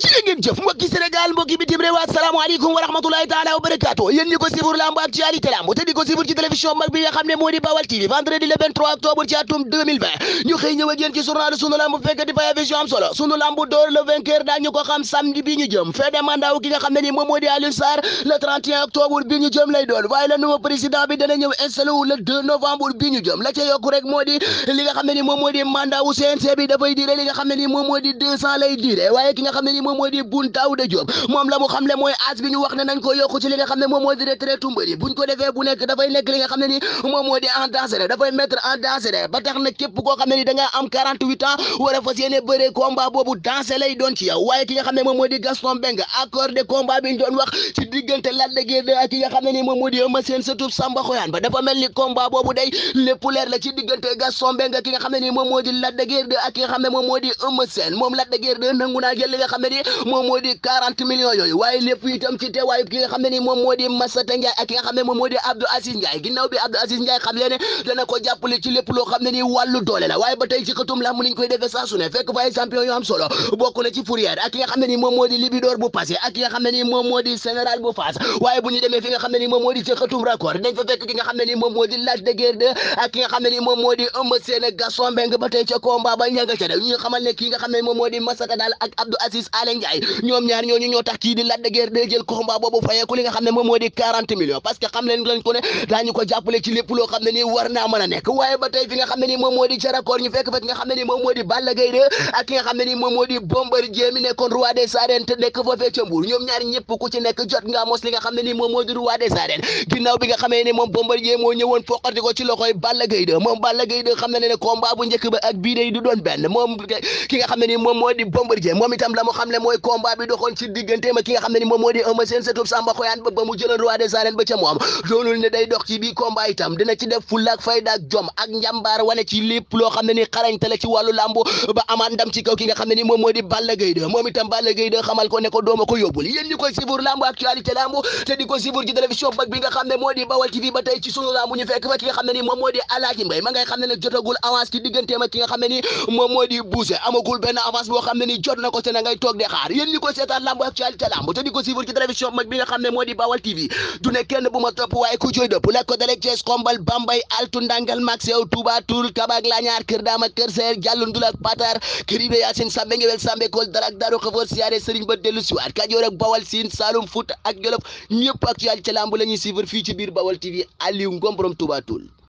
jërë ngeen jëf mbokki Sénégal mbokki bitim réew asalaamaaleykum wa rahmatulahi taala wa barakaatu yéen ñi ko sifur lamb ak ci actualité lamb te di ko sifur ci télévision mag bi nga xam ne moo di Bawal TV vendredi le 23 octobre ci atum ñu xëy ñëw ak yéen ci journal sunu lamb fekk di fay am solo sunu lamb door le vainqueur daañu ko xam samedi bi ñu jëm fin de ki nga xam ne ni moom moo di Alioune Sarr le 31 bi ñu jëm lay doon waaye moom moo di Boun Daouda Diop moom la mu xam le mooy as bi wax ne nañ ko yokku ci li xam ne moom moo di retraite buñ ko defee bu dafay nekk li xam ne ni moom moo Gaston Mbengue accord de combat bi ñu wax ci diggante Lac de Guiers xam ne ni moom moo di Eumeu de Guiers xam ne moom moo di Eumeu de Guiers xam ne di moom moo di quarante millions yooyu waaye lépp itam ci teewaayu waaye ki nga xam ni moom moo di Libidor bu passé nga xam ni moom moo di général daal ak Abdou Aly Ndiaye ñoom ñaar ñooñu ñoo tax kii di Lac de Guiers 2 jël boobu fayee li nga xam ne moom moo di 40 parce que xam ne daañu moom moo Balla Gaye 2 ki nga xam ne nii moom moo di Bombardier mi nekkoon roi des nga xam ne nii moom moo di roi moo ñëwoon foqati ko ci loxoy Balla Gaye moom Balla Gaye 2 xam na ne combat bu njëkk ba ak bii day du benn moom ki nga xam ne nii moom moo di Bombardier moom itam la mu xam ne mooy combat bi doxoon ci digganteem loo xam ne ni xarañte la moom moo di Balla ne ko dooma ko yóbbul ne ma ki nga xam ne ni moom moo di Buuse benn avance boo xam ne ni jot na ko te na ngay di xaar yéen ñi ko seetaan lamb actualité lamb te di ko suivre ci télévision mag bi nga xam ne moo di Bawal TV du ne kenn bu ma topp waaye ku joy dëpp la ko dalee Thiès Kombal Bambay Altu Ndangal Max Yow Touba Toul Kabak Lañaar Kër Dama Kër Seer Jàllu Ndul ak Patar Kiribe Yaasin Sambe Ngewel Sambe Kool Darak Daaru Xafoor Siyaare Sëriñ ba dellu siwaat Kajoor ak Bawal Siin Saalum Fuuta ak Jolof ñëpp actualité lamb la ñuy suivre fii ci biir ba Bawal TV Aliou Ngom borom Touba Toul